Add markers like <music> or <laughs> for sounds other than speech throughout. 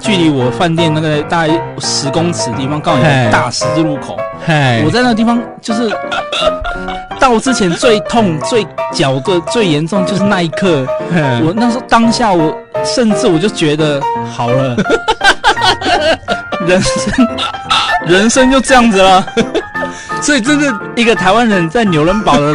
距離我飯店那個大概十公尺的地方，告訴你大十字路口。我在那個地方就是到之前最痛、最絞的、最嚴重就是那一刻。我那時候當下，我甚至我就覺得好了，人生人生就這樣子了。所以，這是一個台灣人在紐倫堡的。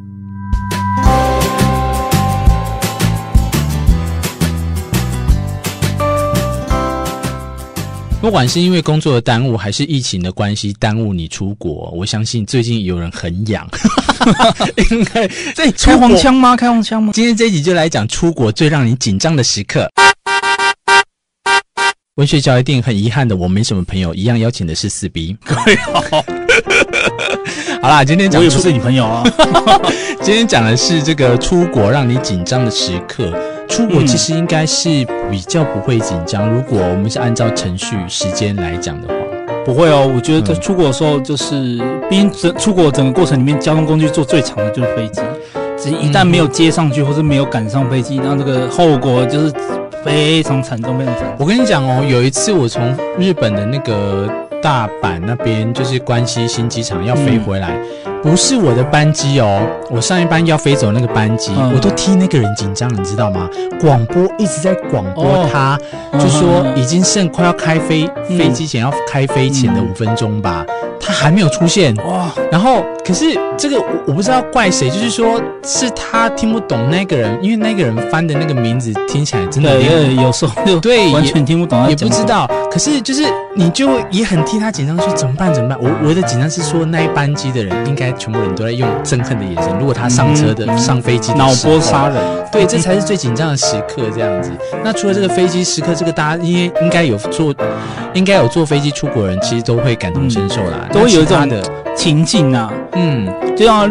不管是因為工作的耽誤，還是疫情的關係，耽誤你出國，我相信最近有人很癢。應該在開黃腔嗎？開黃腔嗎？今天這一集就來講出國最讓你緊張的時刻。 <noise> 文學交一定很遺憾的，我沒什麼朋友，一樣邀請的是四 B。各位好，好啦，今天講的不是女朋友啊。 <laughs> <laughs> 今天講的是這個出國讓你緊張的時刻。出國其實應該是比較不會緊張、嗯。如果我們是按照程序時間來講的話，不會哦。我覺得在出國的時候，就是、嗯、畢竟出國整個過程裡面，交通工具坐最長的就是飛機、嗯。只一旦沒有接上去，或是沒有趕上飛機，那、嗯、這個後果就是非常慘重，非常慘。我跟你講哦，有一次我從日本的那個。大阪那邊就是關西新機場要飛回來，嗯、不是我的班機哦，我上一班要飛走的那個班機、嗯，我都替那個人緊張，你知道嗎？廣播一直在廣播他，他、哦、就說、嗯、已經剩快要開飛飛機前、嗯、要開飛前的五分鐘吧。嗯嗯他還沒有出現哇，然後可是這個我我不知道怪誰，就是說是他聽不懂那個人，因為那個人翻的那個名字聽起來真的對對，有時候對完全聽不懂他也，也不知道。可是就是你就也很替他緊張，說怎麼辦怎麼辦？我我的緊張是說那一班機的人應該全部人都在用憎恨的眼神，如果他上車的、嗯、上飛機腦波殺人，對，這才是最緊張的時刻這樣子。那除了這個飛機時刻，這個大家應該應該有坐應該有坐飛機出國人，其實都會感同身受啦。嗯都會有一種情境啊，嗯，嗯，就像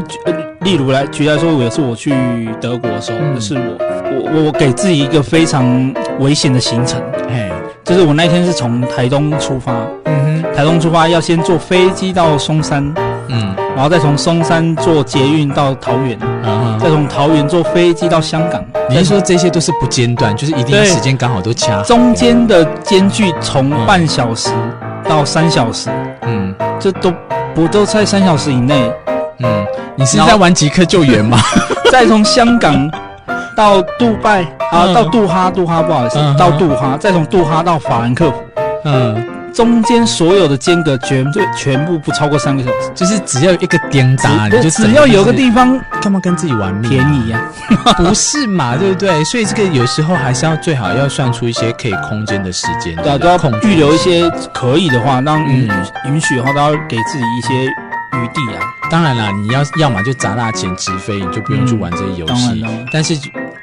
例如來舉例來說，有一次我去德國的時候，嗯，就是我我我給自己一個非常危險的行程，哎，就是我那天是從台東出發，嗯哼，台東出發要先坐飛機到松山，嗯，然後再從松山坐捷運到桃園，啊、嗯，再從桃園坐飛機到香港。嗯、香港，但是你是說這些都是不間斷，就是一定時間剛好都掐，中間的間距從半小時到三小時，嗯。嗯這都不都在三小時以內。嗯，你是在玩即刻救援嗎？ <laughs> <laughs> 再從香港到杜拜，嗯、啊、嗯，到杜哈，杜哈不好意思，嗯、到杜哈，嗯，再從杜哈到法蘭克福。嗯。嗯中間所有的間隔全就全部不超過三個小時，就是只要一個顛打，你就只要有個地方幹嘛跟自己玩命，啊？便宜啊，不是嘛？ <laughs> 對不對？所以這個有時候還是要最好要算出一些可以空間的時間，對、啊、對，對，對，都要預留一些可以的話讓、嗯嗯、允允許的話都要給自己一些。餘地啊，當然啦，你要要麼就砸大錢直飛，你就不用去玩這些遊戲。但是，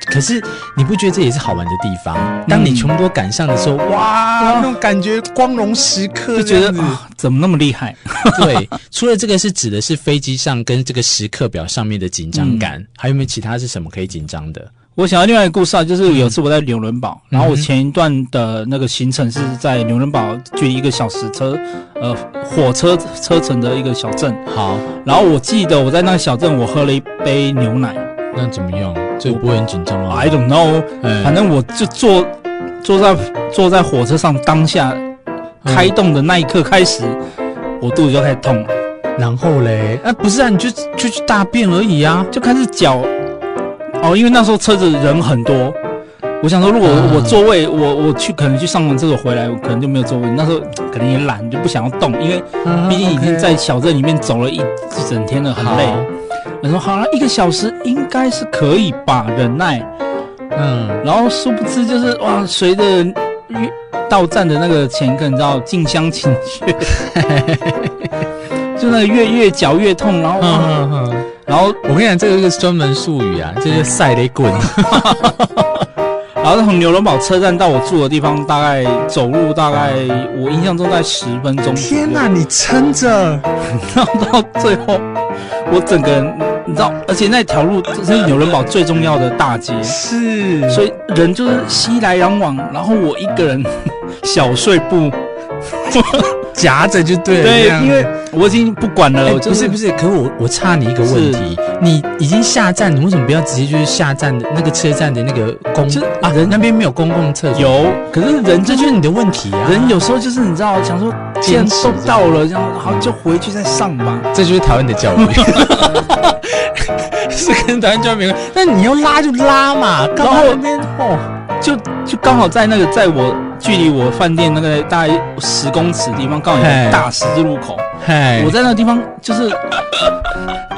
可是你不覺得這也是好玩的地方？嗯、當你窮多趕上的時候，哇，哇那種感覺，光榮時刻，就覺得、啊、怎麼那麼厲害？ <laughs> 對，除了這個是指的是飛機上跟這個時刻表上面的緊張感、嗯，還有沒有其他是什麼可以緊張的？我想到另外一個故事啊，就是有一次我在紐倫堡、嗯，然後我前一段的那個行程是在紐倫堡，距離一個小時車，呃，火車車程的一個小鎮。好，然後我記得我在那個小鎮，我喝了一杯牛奶。那怎麼樣？我這個、不會很緊張了。I don't know，反正我就坐坐在坐在火車上，當下、嗯、開動的那一刻開始，我肚子就開始痛了。然後嘞，哎、啊，不是啊，你就就去大便而已啊，就開始腳。哦，因為那時候車子人很多，我想說，如果我座位、嗯，我我去可能去上完廁所回來，我可能就沒有座位。那時候可能也懶，就不想要動，因為畢竟已經在小鎮裡面走了一一整天了，很累。我、嗯嗯 okay. 說好了，一個小時應該是可以吧，忍耐。嗯，然後殊不知就是哇，隨着越到站的那個前一刻，你知道，近鄉情怯嘿嘿嘿，就那個越越腳越痛，然後。嗯嗯然後嗯嗯嗯嗯嗯然後我跟你講，這個是專門術語啊，就是賽得滾。嗯、 <laughs> 然後從紐倫堡車站到我住的地方，大概走路大概、嗯、我印象中在十分鐘。天哪、啊，你撐着， <laughs> 然後到最後，我整個人，你知道，而且那條路這是紐倫堡最重要的大街，嗯嗯、是，所以人就是熙來攘往，然後我一個人小碎步。嗯 <laughs> <laughs> 夾着就對了，對呀，因為我已經不管了。欸就是、不是不是，可是我我插你一個問題，你已經下站，你為什麼不要直接就是下站的那個車站的那個公啊人那邊沒有公共廁所？有，可是人、嗯、這就是你的問題啊！人有時候就是你知道，想說錢都到了，然後就回去再上吧。這就是台灣的教育，是跟台灣教育沒關。那你要拉就拉嘛，剛好那邊哦，就就剛好在那個在我。距離我飯店那個大概十公尺的地方，剛好有大十字路口。我在那個地方，就是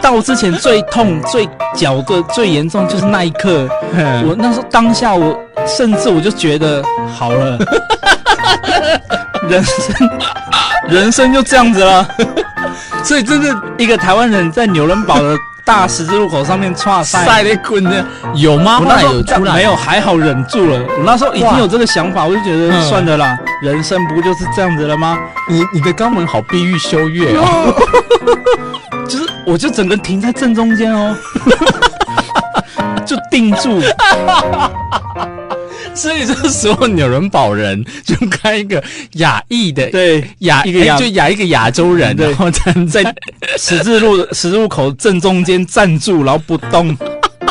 到之前最痛、最腳的、最嚴重，就是那一刻。我那時候當下，我甚至我就覺得好了，人生人生就這樣子了。所以，真是一個台灣人在紐倫堡的。大十字路口上面刷塞的滾呢？有嗎？那有。沒有，還好忍住了。我那時候已經有這個想法，我就覺得算了啦、嗯，人生不就是這樣子了嗎？你你的肛門好碧玉修月哦。哦 <laughs> 就是我就整個停在正中間哦， <laughs> 就定住。 <laughs> 所以這個時候紐倫堡人，人就開一個亞裔的，對亞一個亞、欸，就亞一個亞洲人，然後站在，在十字路十字路口正中間站住，然後不動，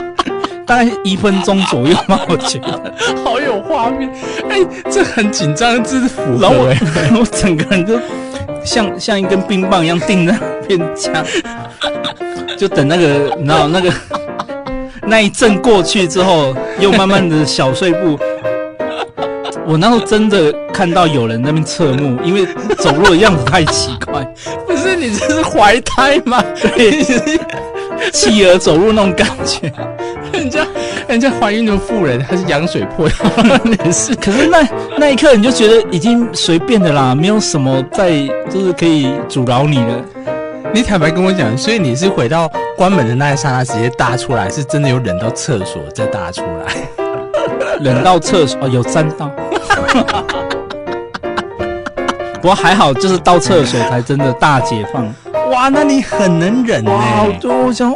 <laughs> 大概一分鐘左右吧。我覺得好有畫面，哎、欸，這很緊張的字符然，然後我整個人就像像一根冰棒一樣定在那邊僵，就等那個，然後那個那一陣過去之後，又慢慢的小碎步。我那時候真的看到有人在那邊側目，因為走路的樣子太奇怪。 <laughs> 不是你這是懷胎嗎？對，企鵝走路那種感覺。人 <laughs> 家人家懷孕的婦人，還是羊水破的男 <laughs> 可是那那一刻你就覺得已經隨便的啦，沒有什麼在就是可以阻撓你了。你坦白跟我講，所以你是回到關門的那一剎那直接搭出來，是真的有忍到廁所再搭出來，忍 <laughs> 到廁所哦，有三道。 <laughs> 不過還好，就是到廁所才真的大解放，嗯。哇，那你很能忍呢，欸。好多我想，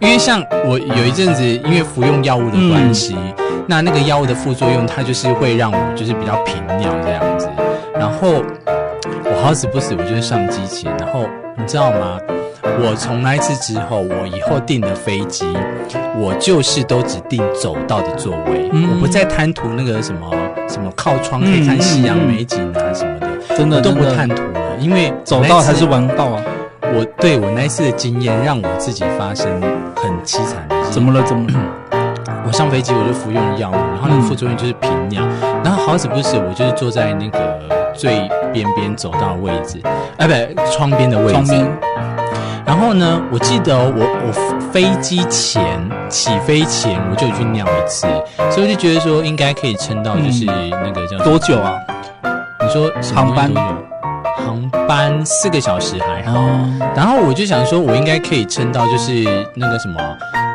因為像我有一陣子，因為服用藥物的關係，嗯，那那個藥物的副作用，它就是會讓我就是比較頻尿這樣子。然後我好死不死，我就是上機器。然後你知道嗎？我從那一次之後，我以後訂的飛機。我就是都指定走道的座位，嗯、我不再貪圖那個什麼什麼靠窗可以看夕陽美景啊什麼的，真、嗯、的、嗯嗯嗯、都不貪圖了。因為走道才是王道啊。我對我那一次的經驗讓我自己發生很悽慘的事。怎麼了？怎麼了？我上飛機我就服用了藥物，然後那個副作用就是頻尿、嗯，然後好死不死我就是坐在那個最邊邊走道的位置，哎、啊、不，窗邊的位置。窗邊？然後呢，我記得、哦、我我飛機前。起飛前我就去尿一次，所以我就覺得說應該可以撐到，就是那個叫、嗯、多久啊？你說航班多久？航班四個小時還好。哦、然後我就想說，我應該可以撐到，就是那個什麼，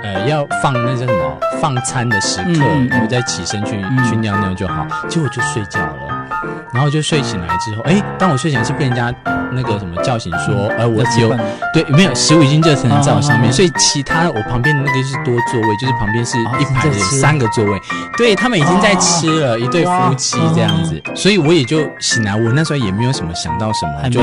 呃，要放那個什麼放餐的時刻，我、嗯、再起身去、嗯、去尿尿就好。結果我就睡覺了。然後就睡醒來之後，誒，當我睡醒來是被人家那個什麼叫醒，說，呃、嗯，我只有對沒有食物已經熱成在我上面，嗯、所以其他的、嗯、我旁邊的那個是多座位，就是旁邊是一排有三個座位，哦、對他們已經在吃了、啊、一對夫妻這樣子、嗯，所以我也就醒來，我那時候也沒有什麼想到什麼，嗯、就。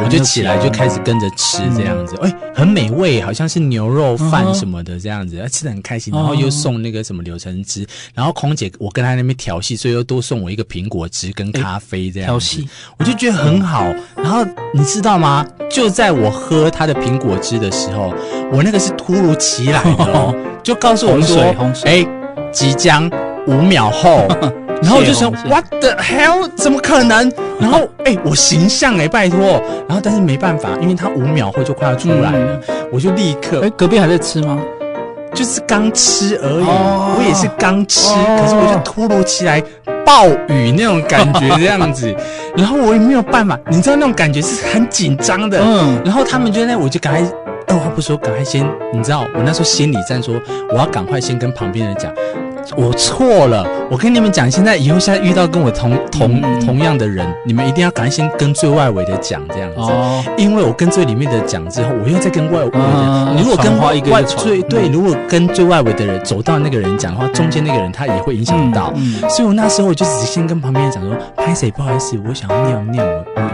我就起來就開始跟着吃這樣子，哎、啊欸，很美味，好像是牛肉飯什麼的這樣子，嗯、吃得很開心。然後又送那個什麼柳橙汁，嗯、然後空姐我跟她那邊調戲，所以又多送我一個蘋果汁跟咖啡這樣子。調、欸、戲，我就覺得很好、嗯。然後你知道嗎？就在我喝她的蘋果汁的時候，我那個是突如其來的、哦呵呵呵，就告訴我說：“哎、欸，即將五秒後。呵呵”然後我就想、哦啊、，What the hell？怎麼可能？然後哎、欸，我形象哎、欸，拜託。然後但是沒辦法，因為他五秒後就快要出來了，嗯、我就立刻。哎、欸，隔壁還在吃嗎？就是剛吃而已，哦、我也是剛吃、哦。可是我就突如其來暴雨那種感覺這樣子、哦，然後我也沒有辦法，你知道那種感覺是很緊張的。嗯。然後他們就在那，我就趕快二話、哦、不說，趕快先，你知道，我那時候心裡在說，我要趕快先跟旁邊人講。我錯了，我跟你們講，現在以後現在遇到跟我同同、嗯、同樣的人，你們一定要趕緊跟最外圍的講這樣子、哦，因為我跟最裡面的講之後，我又在跟外，嗯、如果跟一個外最對、嗯，如果跟最外圍的人走到那個人講的話，中間那個人他也會影響到、嗯嗯嗯，所以我那時候我就直接跟旁邊人講說，拍謝不好意思，我想要尿尿，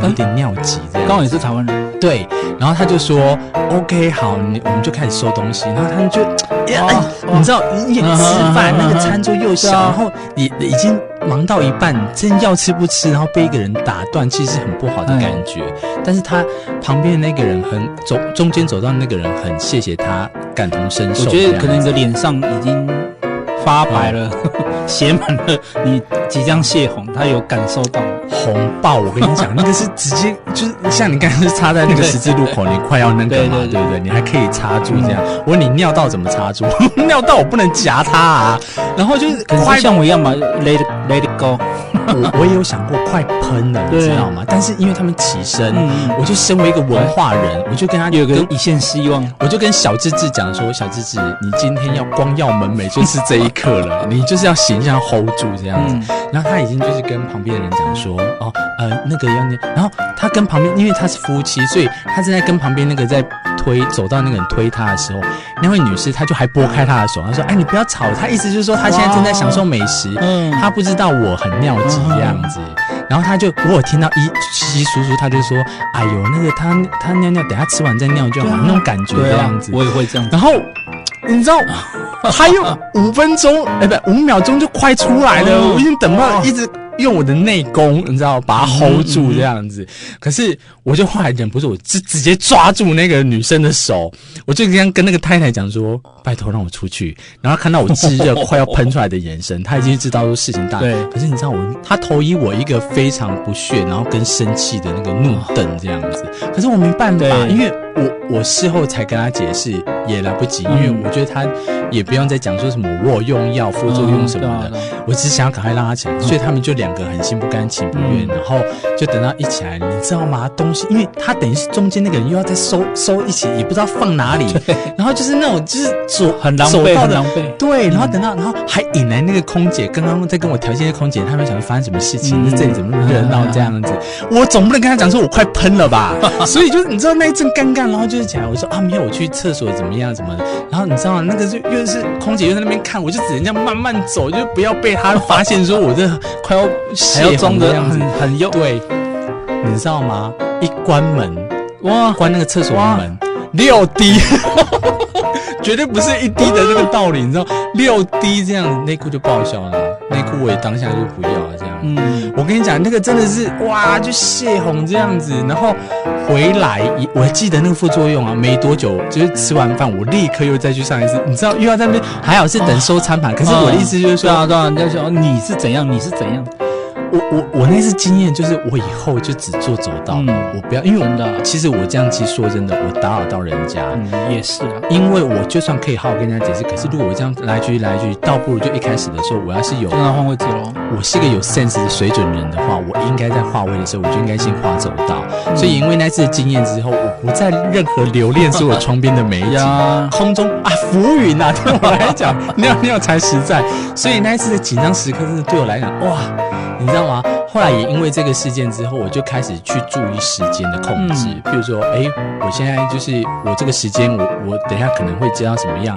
我有點尿急、嗯、剛好你是台灣人，對，然後他就說、嗯、，OK，好，你我們就開始收東西，然後他們就，哎、啊啊，你知道，啊、你吃飯、啊、那個。餐桌又小，小然後你已經忙到一半，真要吃不吃，然後被一個人打斷，其實是很不好的感覺。嗯、但是他旁邊的那個人很，很走中間走到那個人，很謝謝他，感同身受。我覺得可能你的臉上已經發白了，寫、嗯、 <laughs> 滿了你即將洩洪，他有感受到。紅爆！我跟你講，那個是直接就是像你剛剛是插在那個十字路口，你快要那個嘛，對不對,對,對,對,對,對？你還可以插住這樣。嗯、我問你尿道怎麼插住？ <laughs> 尿道我不能夾它啊。然後就是快像我一樣嘛 let, let it go <laughs> 我。我也有想過快噴了，你知道嗎？但是因為他們起身、嗯，我就身為一個文化人，嗯、我就跟他跟有個一線希望，我就跟小智智講說：小智智，你今天要光耀門楣就是這一刻了， <laughs> 你就是要形象 hold 住這樣子。嗯、然後他已經就是跟旁邊的人講說。哦，呃，那個要你，然後他跟旁邊，因為他是夫妻，所以他正在跟旁邊那個在推，走到那個人推他的時候，那位女士，他就還撥開他的手，他說：“哎、欸，你不要吵。”他意思就是說，他現在正在享受美食，嗯、他不知道我很尿急的樣子、嗯嗯。然後他就我聽到一稀稀疏疏，七七叔叔他就說：“哎呦，那個他他尿尿，等下吃完再尿就好、嗯、那種感覺的樣子、啊，我也會這樣子。然後你知道， <laughs> 還有五分鐘，哎、欸，不，五秒鐘就快出來了，嗯、我已經等不了、哦、一直。用我的內功，你知道，把他 hold 住這樣子。嗯嗯、可是我就後來忍不住，我直直接抓住那個女生的手，我就這樣跟那個太太講說：“拜託讓我出去。”然後看到我炙熱快要噴出來的眼神， <laughs> 他已經知道說事情大了。對。可是你知道我，他投以我一個非常不屑，然後跟生氣的那個怒瞪這樣子。可是我沒辦法，因為我我事後才跟他解釋，也來不及、嗯，因為我覺得他。也不用再講說什麼我用藥副作用什麼的，我只是想要趕快拉起來，所以他們就兩個很心不甘情不願，然後就等到一起來，你知道嗎？東西，因為他等於是中間那個人又要再收收一起，也不知道放哪裡，然後就是那種就是走很狼狽很狼狽，對，然後等到然後還引來那個空姐，剛剛在跟我調戲的空姐，他們想要發生什麼事情，這這裡怎麼那麼熱鬧這樣子？我總不能跟他講說我快噴了吧， <laughs> 所以就是你知道那一陣尷尬，然後就是講我說啊，沒有我去廁所怎麼樣怎麼的，然後你知道那個就。就是空姐就在那邊看，我就只能這樣慢慢走，就不要被他發現。說，我這快要這還要裝的很很用。對，你知道嗎？一關門，哇，關那個廁所的門，六滴， <laughs> 絕對不是一滴的那個道理，你知道？六滴這樣內褲就報銷了，內、嗯、褲我也當下就不要了。這樣嗯，我跟你講，那個真的是，哇，就泄洪這樣子，然後回來一，我記得那個副作用啊，沒多久就是吃完飯，我立刻又再去上一次，你知道又要在那邊，還好是等收餐盤，哦、可是我的意思就是說，人家說你是怎樣，你是怎樣。我我我那次經驗就是，我以後就只做走道，嗯、我不要，因為我們的其實我這樣去說真的，我打擾到人家、嗯、也是啊。因為我就算可以好好跟人家解釋，可是如果我這樣來一句來一句，倒不如就一開始的時候，我要是有換位置嘍。我是一個有 sense 的水準的人的話，我應該在畫位的時候，我就應該先畫走道、嗯。所以因為那次的經驗之後，我不再任何留戀是我窗邊的美景， <laughs> 空中啊浮雲啊，對我來講尿尿才實在。所以那一次的緊張時刻，真的對我來講，哇！你知道嗎？後來也因為這個事件之後，我就開始去注意時間的控制、嗯。譬如說，哎、欸，我現在就是我這個時間，我我等一下可能會接到什麼樣？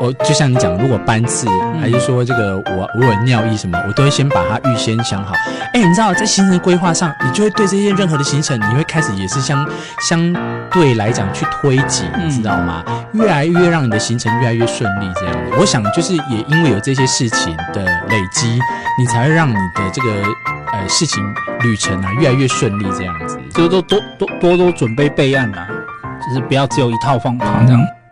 哦，就像你講，如果班次，還是說這個我我有尿意什麼，我都會先把它預先想好。哎、欸，你知道在行程規劃上，你就會對這些任何的行程，你會開始也是相相對來講去推擠、嗯，你知道嗎？越來越讓你的行程越來越順利這樣。我想就是也因為有這些事情的累積，你才會讓你的這個。事情旅程啊，越來越順利，這樣子就都多多多多準備備案吶，就是不要只有一套方法這樣。嗯。